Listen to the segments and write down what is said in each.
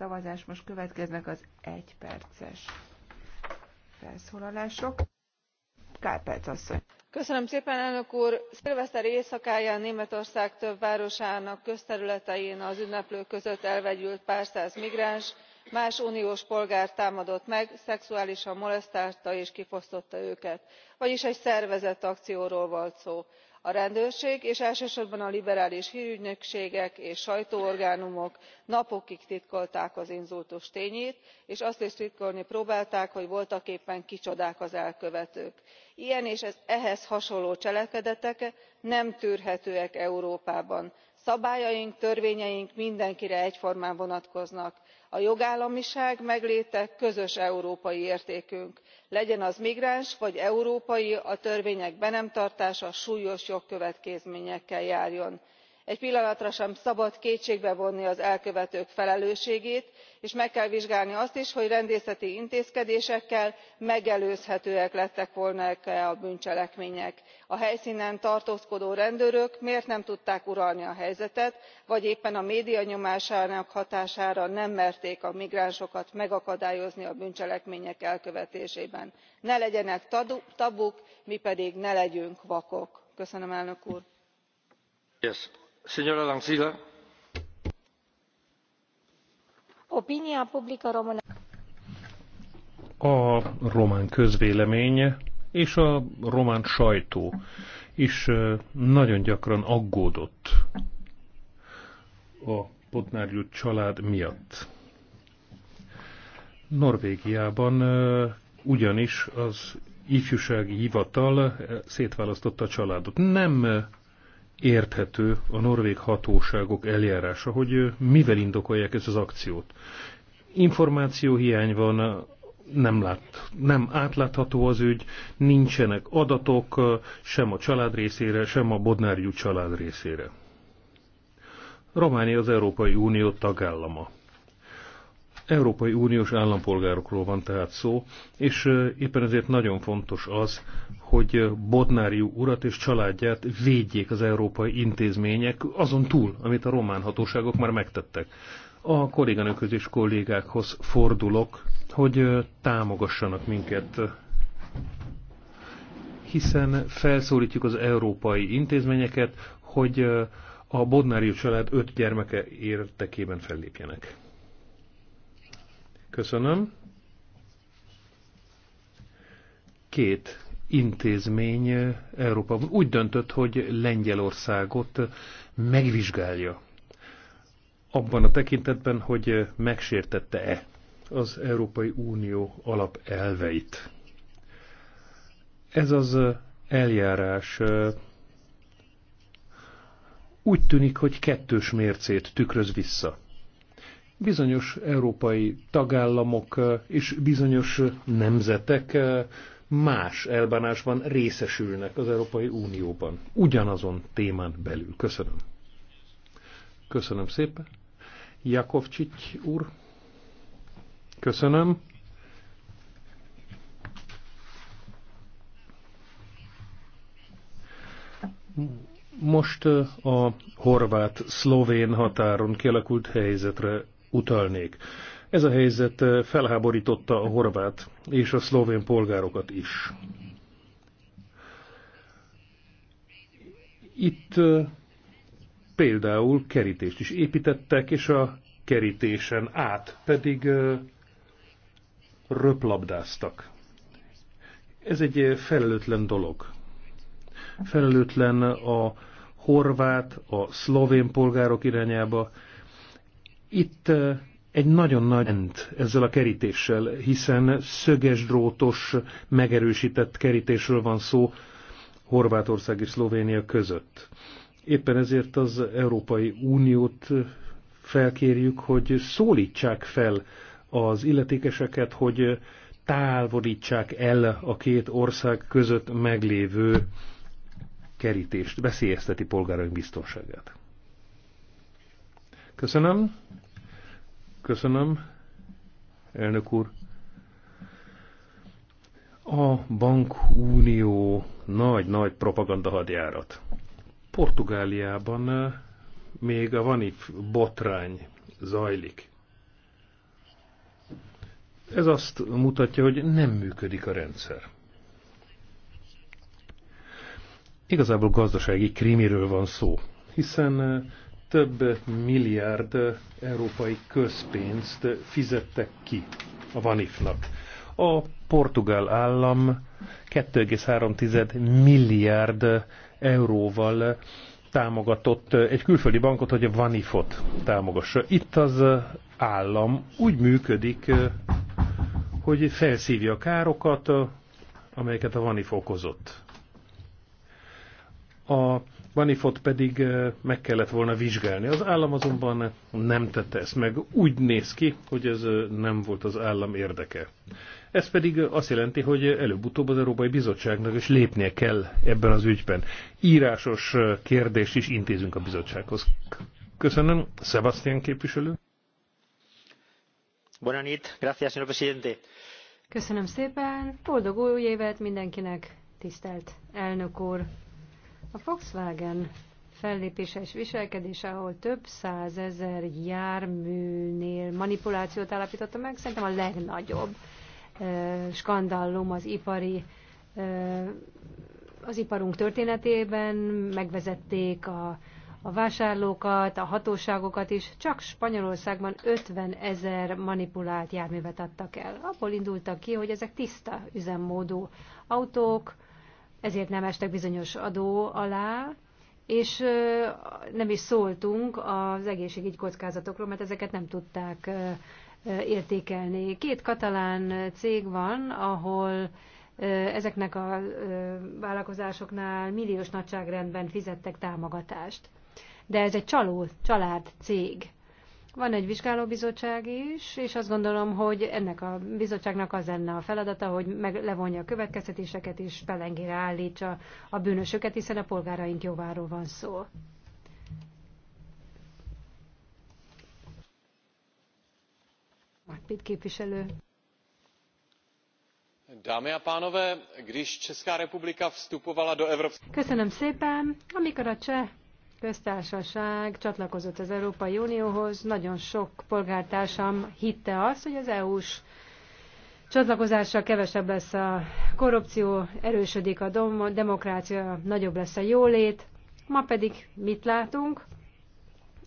szavazás. Most következnek az egyperces felszólalások. Kárpelc asszony. Köszönöm szépen, elnök úr! Szilveszter éjszakáján Németország több városának közterületein az ünneplők között elvegyült pár száz migráns, más uniós polgárt támadott meg szexuálisan molesztálta és kifosztotta őket vagyis egy szervezett akcióról volt szó a rendőrség és elsősorban a liberális hrügynökségek és sajtóorgánumok napokig titkolták az inzultus tényét és azt is titkolni próbálták hogy voltaképpen kicsodák az elkövetők. ilyen és ehhez hasonló cselekedetek nem tűrhetőek európában. szabályaink törvényeink mindenkire egyformán vonatkoznak a jogállamiság megléte közös európai értékünk legyen az migráns vagy európai a törvények be nem tartása súlyos jogkövetkezményekkel járjon egy pillanatra sem szabad kétségbe vonni az elkövetők felelősségét és meg kell vizsgálni azt is hogy rendészeti intézkedésekkel megelőzhetőek lettek volna e a bűncselekmények. a helysznen tartózkodó rendőrök miért nem tudták uralni a helyzetet vagy éppen a média nyomásának hatására nem merték a migránsokat megakadályozni a bűncselekmények elkövetésében. ne legyenek tabuk mi pedig ne legyünk vakok. köszönöm elnök úr! opinia a román közvélemény és a román sajtó is nagyon gyakran aggódott a Podnárjú család miatt. Norvégiában ugyanis az ifjúsági hivatal szétválasztotta a családot. Nem érthető a norvég hatóságok eljárása, hogy mivel indokolják ezt az akciót. Információ hiány van, nem, lát, nem átlátható az ügy, nincsenek adatok sem a család részére, sem a Bodnárjú család részére. Románia az Európai Unió tagállama. Európai Uniós állampolgárokról van tehát szó, és éppen ezért nagyon fontos az, hogy Bodnáriú urat és családját védjék az európai intézmények azon túl, amit a román hatóságok már megtettek. A kolléganőköz és kollégákhoz fordulok, hogy támogassanak minket hiszen felszólítjuk az európai intézményeket, hogy a Bodnáriú család öt gyermeke érdekében fellépjenek. Köszönöm. Két intézmény eh, Európában úgy döntött, hogy Lengyelországot megvizsgálja abban a tekintetben, hogy eh, megsértette-e az Európai Unió alapelveit. Ez az eh, eljárás úgy tűnik, hogy kettős mércét tükröz vissza. Bizonyos európai tagállamok és bizonyos nemzetek más elbánásban részesülnek az Európai Unióban, ugyanazon témán belül. Köszönöm. Köszönöm szépen. Jakovcsics úr. Köszönöm. Most a horvát-szlovén határon kialakult helyzetre utalnék. Ez a helyzet felháborította a horvát és a szlovén polgárokat is. Itt például kerítést is építettek, és a kerítésen át pedig röplabdáztak. Ez egy felelőtlen dolog. Felelőtlen a horvát, a szlovén polgárok irányába, itt egy nagyon nagy rend ezzel a kerítéssel, hiszen szöges drótos, megerősített kerítésről van szó Horvátország és Szlovénia között. Éppen ezért az Európai Uniót felkérjük, hogy szólítsák fel az illetékeseket, hogy távolítsák el a két ország között meglévő kerítést, veszélyezteti polgáraink biztonságát. Köszönöm. Köszönöm, elnök úr. A bankunió nagy-nagy propaganda hadjárat. Portugáliában eh, még a van itt botrány zajlik. Ez azt mutatja, hogy nem működik a rendszer. Igazából gazdasági krimiről van szó, hiszen eh, több milliárd európai közpénzt fizettek ki a Vanifnak. A portugál állam 2,3 milliárd euróval támogatott egy külföldi bankot, hogy a Vanifot támogassa. Itt az állam úgy működik, hogy felszívja a károkat, amelyeket a Vanif okozott. A Banifot pedig meg kellett volna vizsgálni. Az állam azonban nem tette ezt meg. Úgy néz ki, hogy ez nem volt az állam érdeke. Ez pedig azt jelenti, hogy előbb-utóbb az Európai Bizottságnak is lépnie kell ebben az ügyben. Írásos kérdést is intézünk a bizottsághoz. Köszönöm. Sebastian képviselő. Buonanit, gracias, señor presidente. Köszönöm szépen. Boldog új évet mindenkinek, tisztelt elnök úr. A Volkswagen fellépése és viselkedése, ahol több százezer járműnél manipulációt állapította meg, szerintem a legnagyobb uh, skandallum az ipari az iparunk történetében megvezették a, a vásárlókat, a hatóságokat is. Csak Spanyolországban 50 ezer manipulált járművet adtak el. Abból indultak ki, hogy ezek tiszta üzemmódú autók, ezért nem estek bizonyos adó alá, és nem is szóltunk az egészségügy kockázatokról, mert ezeket nem tudták értékelni. Két katalán cég van, ahol ezeknek a vállalkozásoknál milliós nagyságrendben fizettek támogatást. De ez egy csaló, család cég. Van egy vizsgálóbizottság is, és azt gondolom, hogy ennek a bizottságnak az lenne a feladata, hogy meg levonja a következtetéseket és pelengére állítsa a bűnösöket, hiszen a polgáraink jóváról van szó. Márpid képviselő. Dámy a pánové, když Česká republika vstupovala do Evropské... Köszönöm szépen. Amikor a Cseh köztársaság csatlakozott az Európai Unióhoz, nagyon sok polgártársam hitte azt, hogy az EU-s csatlakozással kevesebb lesz a korrupció, erősödik a demokrácia, nagyobb lesz a jólét. Ma pedig mit látunk?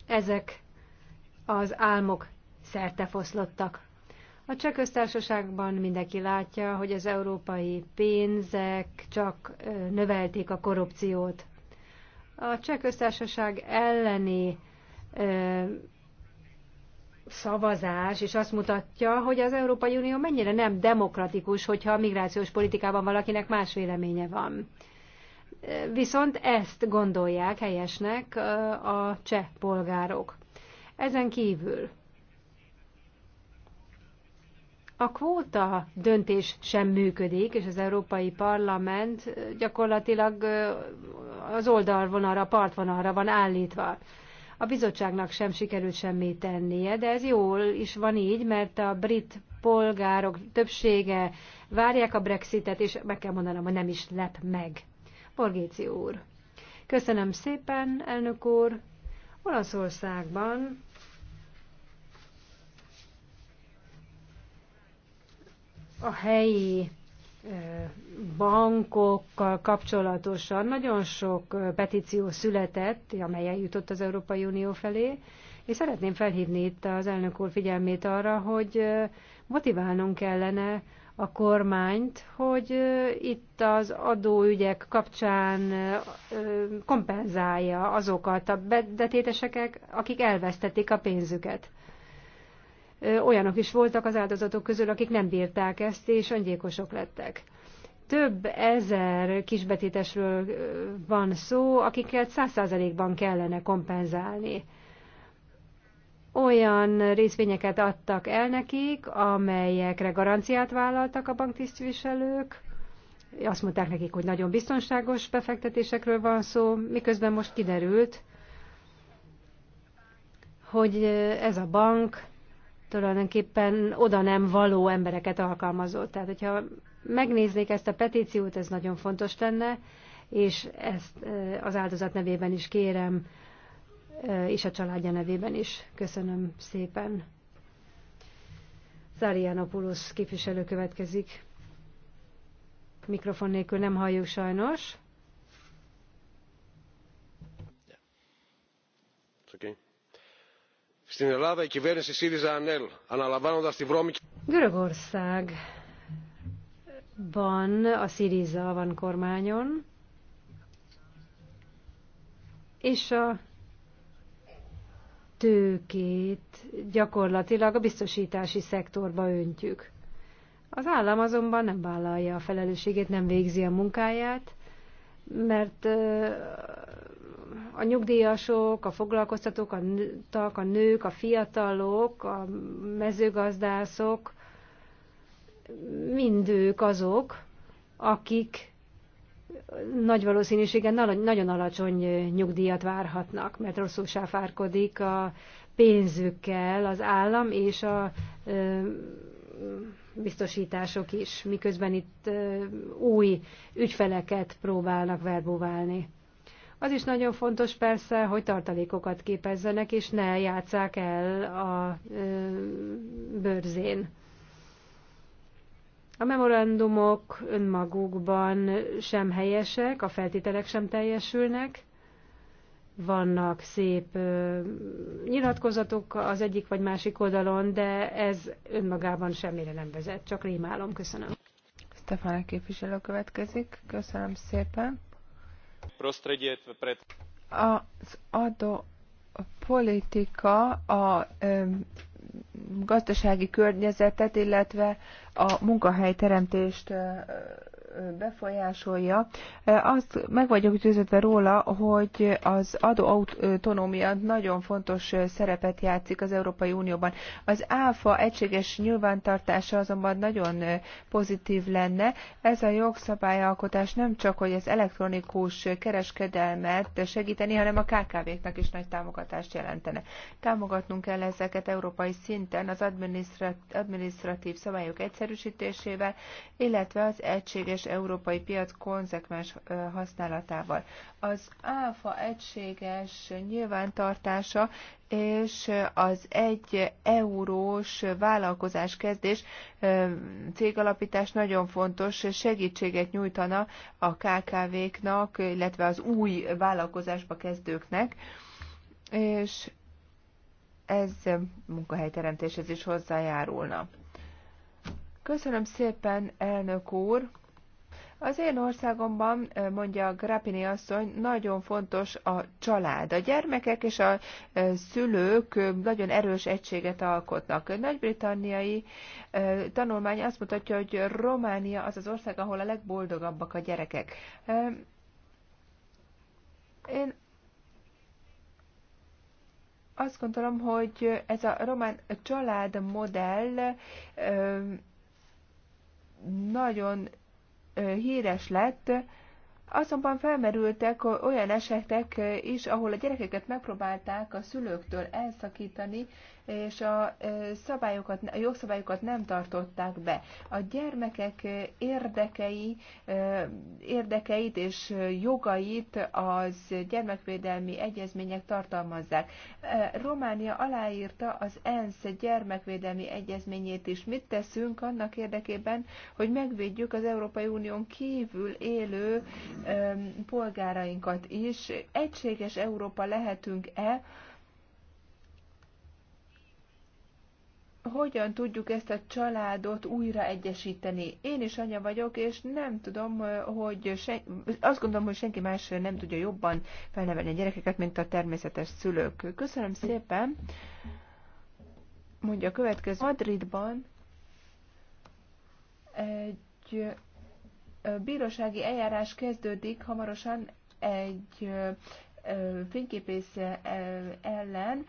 Ezek az álmok szertefoszlottak. A cseh köztársaságban mindenki látja, hogy az európai pénzek csak növelték a korrupciót. A cseh köztársaság elleni ö, szavazás, és azt mutatja, hogy az Európai Unió mennyire nem demokratikus, hogyha a migrációs politikában valakinek más véleménye van. Viszont ezt gondolják helyesnek a cseh polgárok. Ezen kívül a kvóta döntés sem működik, és az Európai Parlament gyakorlatilag az oldalvonalra, partvonalra van állítva. A bizottságnak sem sikerült semmit tennie, de ez jól is van így, mert a brit polgárok többsége várják a Brexitet, és meg kell mondanom, hogy nem is lep meg. Borgéci úr. Köszönöm szépen, elnök úr. Olaszországban a helyi bankokkal kapcsolatosan nagyon sok petíció született, amely eljutott az Európai Unió felé, és szeretném felhívni itt az elnök úr figyelmét arra, hogy motiválnunk kellene a kormányt, hogy itt az adóügyek kapcsán kompenzálja azokat a betéteseket, akik elvesztették a pénzüket olyanok is voltak az áldozatok közül, akik nem bírták ezt, és öngyilkosok lettek. Több ezer kisbetétesről van szó, akiket száz százalékban kellene kompenzálni. Olyan részvényeket adtak el nekik, amelyekre garanciát vállaltak a banktisztviselők, azt mondták nekik, hogy nagyon biztonságos befektetésekről van szó, miközben most kiderült, hogy ez a bank tulajdonképpen oda nem való embereket alkalmazott. Tehát, hogyha megnéznék ezt a petíciót, ez nagyon fontos lenne, és ezt e, az áldozat nevében is kérem, e, és a családja nevében is. Köszönöm szépen. Záriánopoulos képviselő következik. Mikrofon nélkül nem halljuk sajnos. Görögországban a ΣΥΡΙΖA van kormányon, és a tőkét gyakorlatilag a biztosítási szektorba öntjük. Az állam azonban nem vállalja a felelősségét, nem végzi a munkáját, mert a nyugdíjasok, a foglalkoztatók, a nők, a fiatalok, a mezőgazdászok, mind ők azok, akik nagy valószínűséggel nagyon alacsony nyugdíjat várhatnak, mert rosszul sáfárkodik a pénzükkel az állam és a biztosítások is, miközben itt új ügyfeleket próbálnak verbóválni. Az is nagyon fontos persze, hogy tartalékokat képezzenek, és ne játsszák el a ö, bőrzén. A memorandumok önmagukban sem helyesek, a feltételek sem teljesülnek. Vannak szép ö, nyilatkozatok az egyik vagy másik oldalon, de ez önmagában semmire nem vezet, csak rémálom. Köszönöm. Stefán képviselő következik. Köszönöm szépen. Az adó politika a gazdasági környezetet, illetve a munkahelyteremtést befolyásolja. Azt meg vagyok győződve róla, hogy az adóautonómia nagyon fontos szerepet játszik az Európai Unióban. Az ÁFA egységes nyilvántartása azonban nagyon pozitív lenne. Ez a jogszabályalkotás nem csak, hogy az elektronikus kereskedelmet segíteni, hanem a KKV-knak is nagy támogatást jelentene. Támogatnunk kell ezeket európai szinten az adminisztratív szabályok egyszerűsítésével, illetve az egységes egységes európai piac konzekvens használatával. Az áfa egységes nyilvántartása és az egy eurós vállalkozás kezdés cégalapítás nagyon fontos, segítséget nyújtana a KKV-knak, illetve az új vállalkozásba kezdőknek, és ez munkahelyteremtéshez is hozzájárulna. Köszönöm szépen, elnök úr! Az én országomban, mondja Grapini asszony, nagyon fontos a család. A gyermekek és a szülők nagyon erős egységet alkotnak. A nagy-britanniai tanulmány azt mutatja, hogy Románia az az ország, ahol a legboldogabbak a gyerekek. Én azt gondolom, hogy ez a román családmodell nagyon híres lett, Azonban felmerültek olyan esetek is, ahol a gyerekeket megpróbálták a szülőktől elszakítani, és a, szabályokat, a jogszabályokat nem tartották be. A gyermekek érdekei, érdekeit és jogait az gyermekvédelmi egyezmények tartalmazzák. Románia aláírta az ENSZ gyermekvédelmi egyezményét is. Mit teszünk annak érdekében, hogy megvédjük az Európai Unión kívül élő polgárainkat is. Egységes Európa lehetünk-e? Hogyan tudjuk ezt a családot újra egyesíteni? Én is anya vagyok, és nem tudom, hogy sen... azt gondolom, hogy senki más nem tudja jobban felnevelni a gyerekeket, mint a természetes szülők. Köszönöm szépen! Mondja a következő. Madridban egy bírósági eljárás kezdődik hamarosan egy fényképész ellen,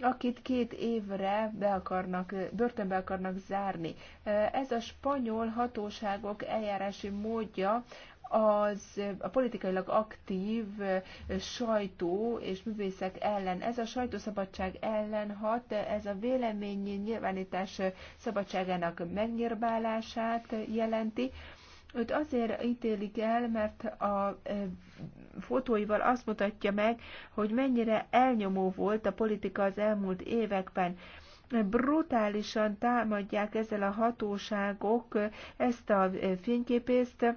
akit két évre be akarnak, börtönbe akarnak zárni. Ez a spanyol hatóságok eljárási módja az a politikailag aktív sajtó és művészek ellen. Ez a sajtószabadság ellen hat, ez a vélemény nyilvánítás szabadságának megnyírbálását jelenti. Őt azért ítélik el, mert a fotóival azt mutatja meg, hogy mennyire elnyomó volt a politika az elmúlt években. Brutálisan támadják ezzel a hatóságok ezt a fényképészt,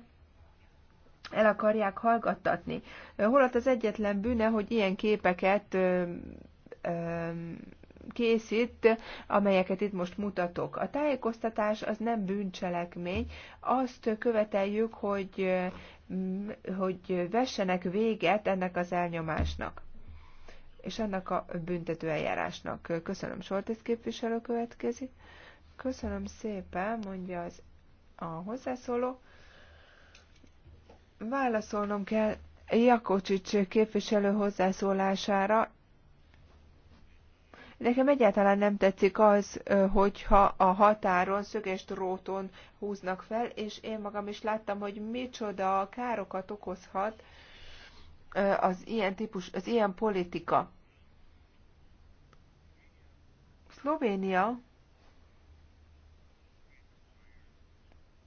el akarják hallgattatni. Holott az egyetlen bűne, hogy ilyen képeket készít, amelyeket itt most mutatok. A tájékoztatás az nem bűncselekmény, azt követeljük, hogy, mm, hogy vessenek véget ennek az elnyomásnak és annak a büntető eljárásnak. Köszönöm, Soltis képviselő következik. Köszönöm szépen, mondja az a hozzászóló. Válaszolnom kell Jakocsics képviselő hozzászólására. Nekem egyáltalán nem tetszik az, hogyha a határon szöges dróton húznak fel, és én magam is láttam, hogy micsoda károkat okozhat az ilyen típus, az ilyen politika. Szlovénia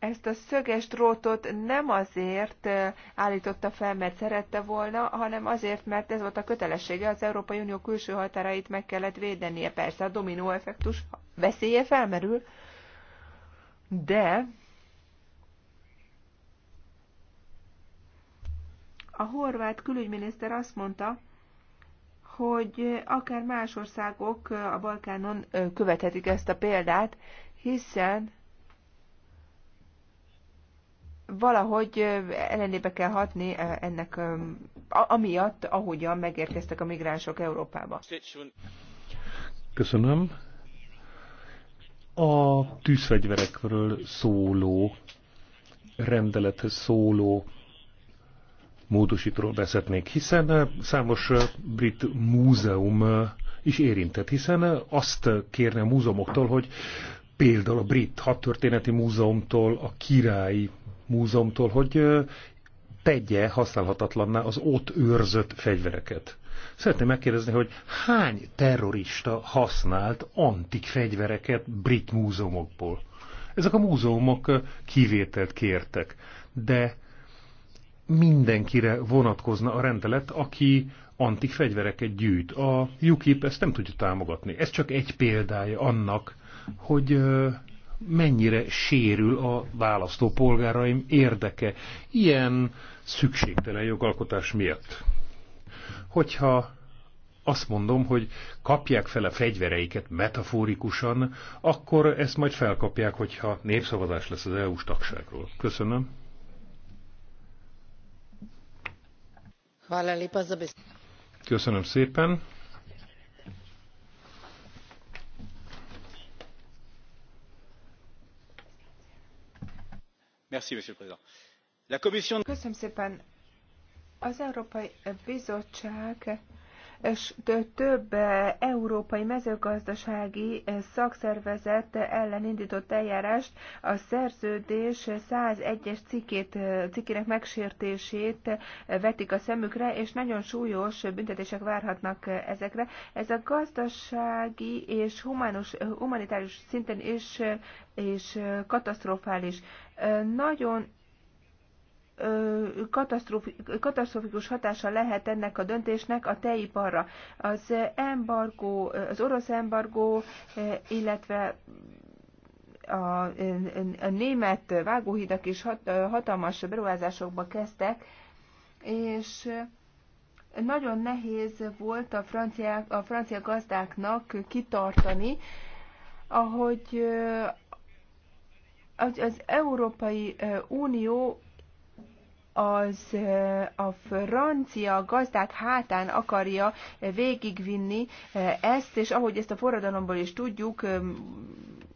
ezt a szöges drótot nem azért állította fel, mert szerette volna, hanem azért, mert ez volt a kötelessége, az Európai Unió külső határait meg kellett védenie. Persze a dominó effektus veszélye felmerül, de a horvát külügyminiszter azt mondta, hogy akár más országok a Balkánon követhetik ezt a példát, hiszen valahogy ellenébe kell hatni ennek, amiatt, ahogyan megérkeztek a migránsok Európába. Köszönöm. A tűzfegyverekről szóló, rendelethez szóló módosítról beszélnék, hiszen számos brit múzeum is érintett, hiszen azt kérne a múzeumoktól, hogy például a brit hadtörténeti múzeumtól, a királyi múzeumtól, hogy tegye használhatatlanná az ott őrzött fegyvereket. Szeretném megkérdezni, hogy hány terrorista használt antik fegyvereket brit múzeumokból? Ezek a múzeumok kivételt kértek, de mindenkire vonatkozna a rendelet, aki antik fegyvereket gyűjt. A UKIP ezt nem tudja támogatni. Ez csak egy példája annak, hogy mennyire sérül a választópolgáraim érdeke ilyen szükségtelen jogalkotás miatt. Hogyha azt mondom, hogy kapják fel a fegyvereiket metaforikusan, akkor ezt majd felkapják, hogyha népszavazás lesz az EU-s tagságról. Köszönöm. Köszönöm szépen. köszönöm szépen! az európai bizottság több eh, európai mezőgazdasági eh, szakszervezet ellen indított eljárást a szerződés 101-es cikkét, eh, cikkének megsértését vetik a szemükre, és nagyon súlyos büntetések várhatnak ezekre. Ez a gazdasági és humánus, humanitárius szinten is és katasztrofális. Nagyon katasztrofikus hatása lehet ennek a döntésnek a tejiparra. Az embargó, az orosz embargó, illetve a, német vágóhidak is hatalmas beruházásokba kezdtek, és nagyon nehéz volt a francia, a francia gazdáknak kitartani, ahogy az Európai Unió az eh, a francia gazdák hátán akarja eh, végigvinni eh, ezt, és ahogy ezt a forradalomból is tudjuk,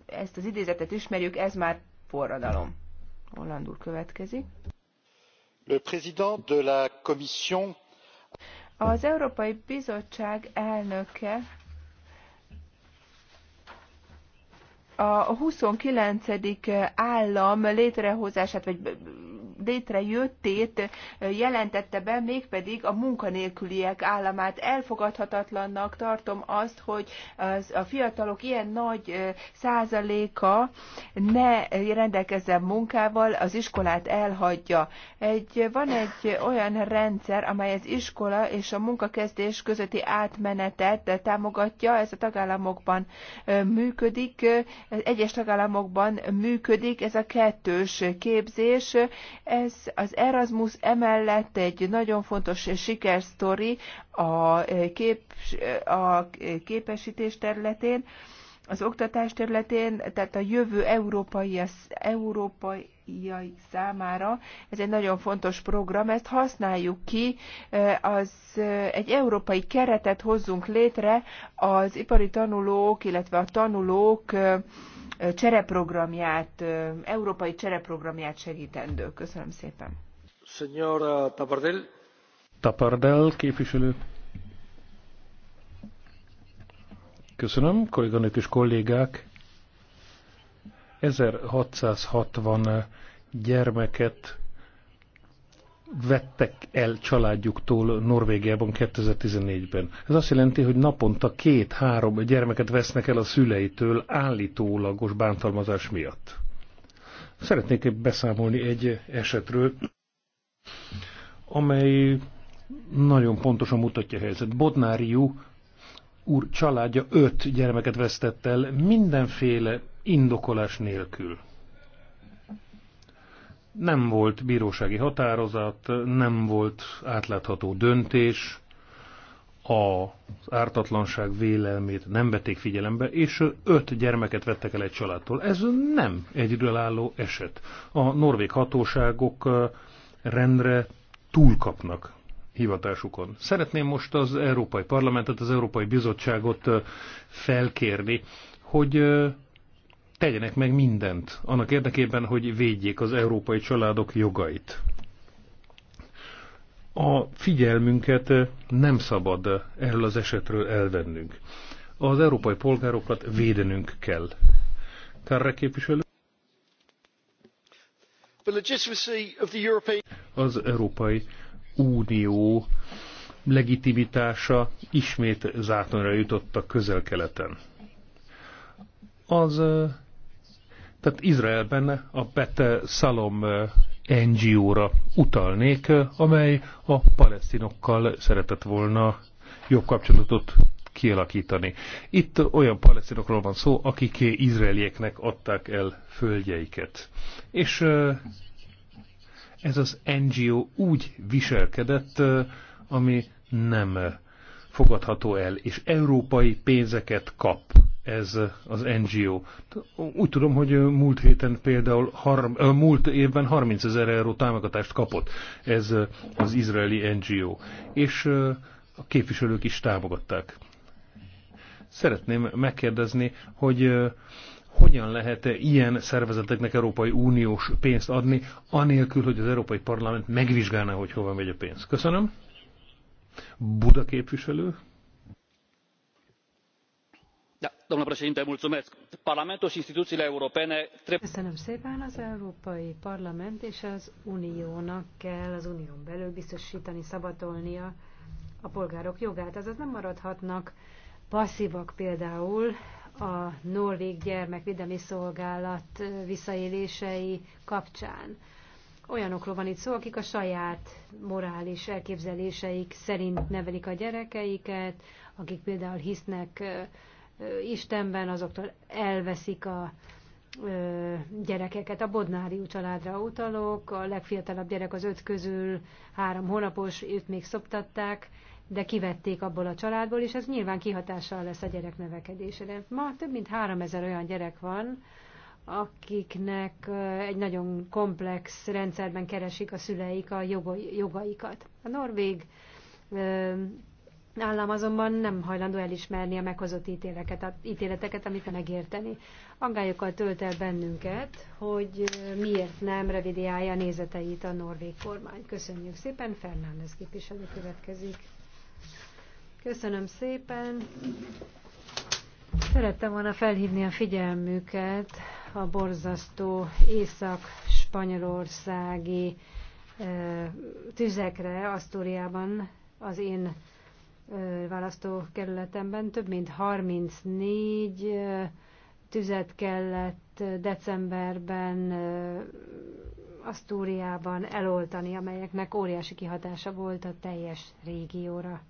ezt az idézetet ismerjük, ez már forradalom. Hollandul következik. Le président de la commission az Európai Bizottság elnöke a 29. állam létrehozását, vagy létrejöttét jelentette be, mégpedig a munkanélküliek államát. Elfogadhatatlannak tartom azt, hogy az, a fiatalok ilyen nagy százaléka ne rendelkezzen munkával, az iskolát elhagyja. Egy, van egy olyan rendszer, amely az iskola és a munkakezdés közötti átmenetet támogatja, ez a tagállamokban működik, egyes tagállamokban működik, ez a kettős képzés, ez az Erasmus emellett egy nagyon fontos sikersztori a, kép, a képesítés területén, az oktatás területén, tehát a jövő európai, európai számára. Ez egy nagyon fontos program, ezt használjuk ki, az egy európai keretet hozzunk létre az ipari tanulók, illetve a tanulók csereprogramját, európai csereprogramját segítendő. Köszönöm szépen. Signora Tapardel. Tapardel képviselő. Köszönöm, kolléganők és kollégák. 1660 gyermeket vettek el családjuktól Norvégiában 2014-ben. Ez azt jelenti, hogy naponta két-három gyermeket vesznek el a szüleitől állítólagos bántalmazás miatt. Szeretnék beszámolni egy esetről, amely nagyon pontosan mutatja a helyzet. Bodnáriú úr családja öt gyermeket vesztett el mindenféle indokolás nélkül nem volt bírósági határozat, nem volt átlátható döntés, az ártatlanság vélelmét nem vették figyelembe, és öt gyermeket vettek el egy családtól. Ez nem egy álló eset. A norvég hatóságok rendre túlkapnak hivatásukon. Szeretném most az Európai Parlamentet, az Európai Bizottságot felkérni, hogy tegyenek meg mindent annak érdekében, hogy védjék az európai családok jogait. A figyelmünket nem szabad erről az esetről elvennünk. Az európai polgárokat védenünk kell. Kárre képviselő? Az Európai Unió legitimitása ismét zátonra jutott a közel-keleten. Az tehát Izraelben a Bet Salom NGO-ra utalnék, amely a palesztinokkal szeretett volna jobb kapcsolatot kialakítani. Itt olyan palesztinokról van szó, akik izraelieknek adták el földjeiket. És ez az NGO úgy viselkedett, ami nem fogadható el, és európai pénzeket kap ez az NGO. Úgy tudom, hogy múlt héten például, har, múlt évben 30 ezer euró támogatást kapott ez az izraeli NGO, és a képviselők is támogatták. Szeretném megkérdezni, hogy hogyan lehet -e ilyen szervezeteknek Európai Uniós pénzt adni, anélkül, hogy az Európai Parlament megvizsgálná, hogy hova megy a pénz. Köszönöm. Buda képviselő domnule președinte parlamentul și instituțiile europene köszönöm szépen az európai parlament és az uniónak kell az unión belül biztosítani szabadolnia a polgárok jogát azaz nem maradhatnak passzívak például a norvég gyermekvédelmi szolgálat visszaélései kapcsán olyanokról van itt szó, akik a saját morális elképzeléseik szerint nevelik a gyerekeiket, akik például hisznek Istenben azoktól elveszik a gyerekeket. A Bodnáriú családra utalok, a legfiatalabb gyerek az öt közül három hónapos, őt még szoptatták, de kivették abból a családból, és ez nyilván kihatással lesz a gyerek növekedésére. Ma több mint három ezer olyan gyerek van, akiknek egy nagyon komplex rendszerben keresik a szüleik a jogaikat. A norvég állam azonban nem hajlandó elismerni a meghozott ítéleket, a ítéleteket, amit megérteni. Aggályokkal tölt el bennünket, hogy miért nem revidiálja nézeteit a norvég kormány. Köszönjük szépen, Fernández képviselő következik. Köszönöm szépen. Szerettem volna felhívni a figyelmüket a borzasztó észak-spanyolországi eh, tüzekre, Asztóriában, az én választókerületemben több mint 34 tüzet kellett decemberben Asztúriában eloltani, amelyeknek óriási kihatása volt a teljes régióra.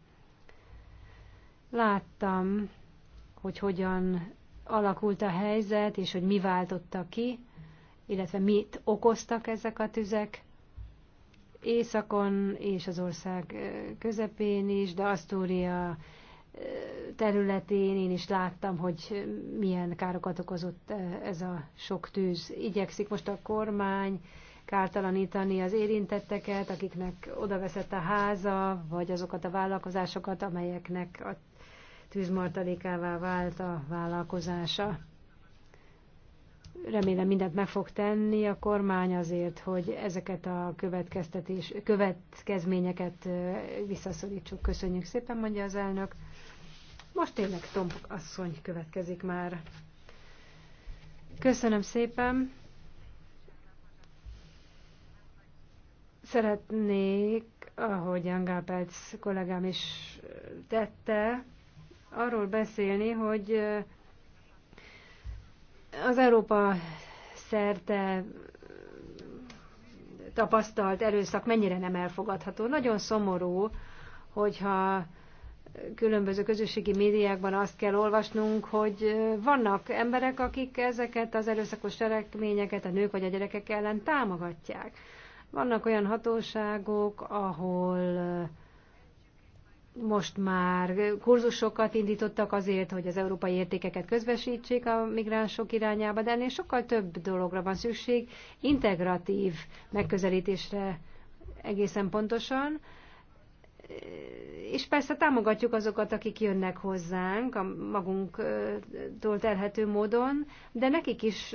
Láttam, hogy hogyan alakult a helyzet, és hogy mi váltotta ki, illetve mit okoztak ezek a tüzek, északon és az ország közepén is, de Asztória területén én is láttam, hogy milyen károkat okozott ez a sok tűz. Igyekszik most a kormány kártalanítani az érintetteket, akiknek odaveszett a háza, vagy azokat a vállalkozásokat, amelyeknek a tűzmartalékává vált a vállalkozása remélem mindent meg fog tenni a kormány azért, hogy ezeket a következtetés, következményeket visszaszorítsuk. Köszönjük szépen, mondja az elnök. Most tényleg Tomp asszony következik már. Köszönöm szépen. Szeretnék, ahogy Angál Pelc kollégám is tette, arról beszélni, hogy az Európa szerte tapasztalt erőszak mennyire nem elfogadható. Nagyon szomorú, hogyha különböző közösségi médiákban azt kell olvasnunk, hogy vannak emberek, akik ezeket az erőszakos cselekményeket a nők vagy a gyerekek ellen támogatják. Vannak olyan hatóságok, ahol most már kurzusokat indítottak azért, hogy az európai értékeket közvesítsék a migránsok irányába, de ennél sokkal több dologra van szükség, integratív megközelítésre egészen pontosan, és persze támogatjuk azokat, akik jönnek hozzánk a magunktól telhető módon, de nekik is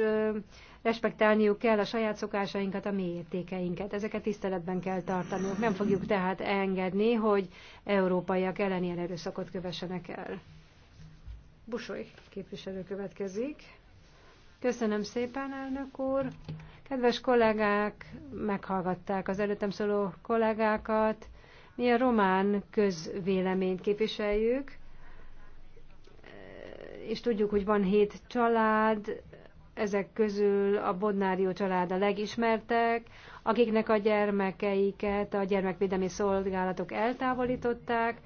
respektálniuk kell a saját szokásainkat, a mi értékeinket. Ezeket tiszteletben kell tartanunk. Nem fogjuk tehát engedni, hogy európaiak ellen ilyen erőszakot kövessenek el. Busoly képviselő következik. Köszönöm szépen, elnök úr. Kedves kollégák, meghallgatták az előttem szóló kollégákat mi a román közvéleményt képviseljük, és tudjuk, hogy van hét család, ezek közül a Bodnárió család a legismertek, akiknek a gyermekeiket a gyermekvédelmi szolgálatok eltávolították,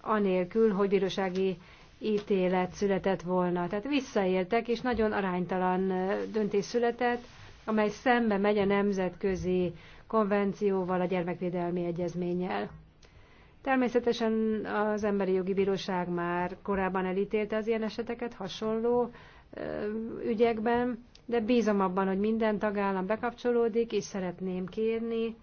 anélkül, hogy bírósági ítélet született volna. Tehát visszaéltek, és nagyon aránytalan döntés született, amely szembe megy a nemzetközi konvencióval, a gyermekvédelmi egyezménnyel. Természetesen az Emberi Jogi Bíróság már korábban elítélte az ilyen eseteket hasonló ügyekben, de bízom abban, hogy minden tagállam bekapcsolódik, és szeretném kérni,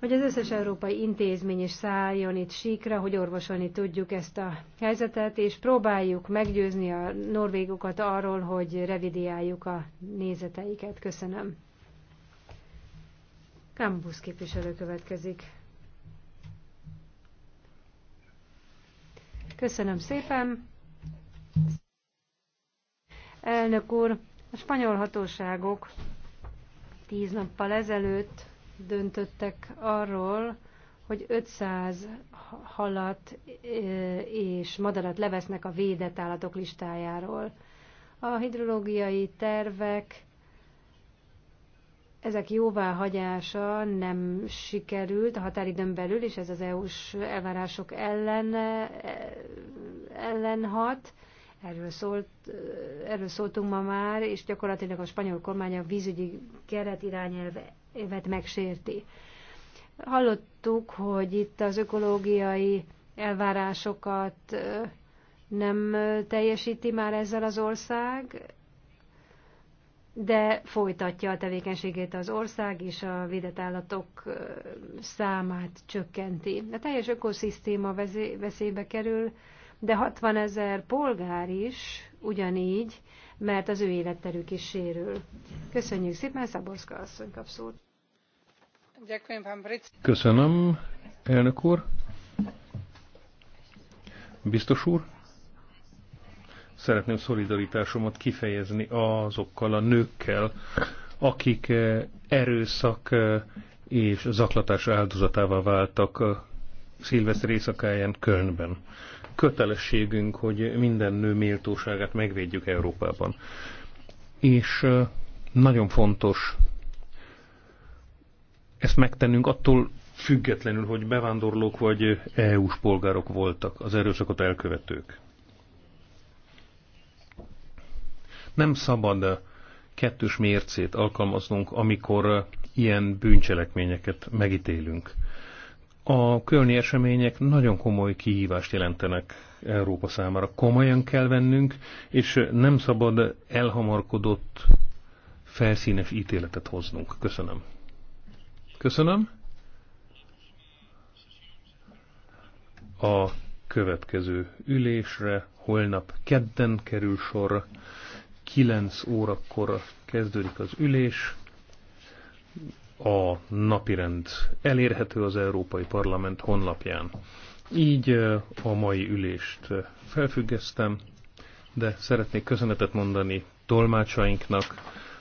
hogy az összes európai intézmény is szálljon itt síkra, hogy orvosolni tudjuk ezt a helyzetet, és próbáljuk meggyőzni a norvégokat arról, hogy revidiáljuk a nézeteiket. Köszönöm. Nem képviselő következik. Köszönöm szépen. Elnök úr, a spanyol hatóságok tíz nappal ezelőtt döntöttek arról, hogy 500 halat és madarat levesznek a védett állatok listájáról. A hidrológiai tervek ezek jóváhagyása nem sikerült a határidőn belül, és ez az EU-s elvárások ellen, e, ellen hat. Erről, szólt, erről szóltunk ma már, és gyakorlatilag a spanyol kormány a vízügyi keret irányelvet megsérti. Hallottuk, hogy itt az ökológiai elvárásokat nem teljesíti már ezzel az ország, de folytatja a tevékenységét az ország, és a védett állatok számát csökkenti. A teljes ökoszisztéma veszélybe kerül, de 60 ezer polgár is ugyanígy, mert az ő életterük is sérül. Köszönjük szépen, Szaborszka asszony kap szót. Köszönöm, elnök úr. Biztos úr szeretném szolidaritásomat kifejezni azokkal a nőkkel, akik eh, erőszak eh, és zaklatás áldozatává váltak eh, szilveszter éjszakáján Kölnben. Kötelességünk, hogy minden nő méltóságát megvédjük Európában. És nagyon fontos ezt megtennünk attól függetlenül, hogy bevándorlók vagy EU-s polgárok voltak az erőszakot elkövetők. Nem szabad eh, kettős mércét alkalmaznunk, amikor eh, ilyen bűncselekményeket megítélünk. A kölni események nagyon komoly kihívást jelentenek Európa számára. Komolyan kell vennünk, és eh, nem szabad elhamarkodott felszínes ítéletet hoznunk. Köszönöm. Köszönöm. A következő ülésre holnap kedden kerül sor. 9 órakor kezdődik az ülés. A napirend elérhető az Európai Parlament honlapján. Így a mai ülést felfüggesztem, de szeretnék köszönetet mondani tolmácsainknak,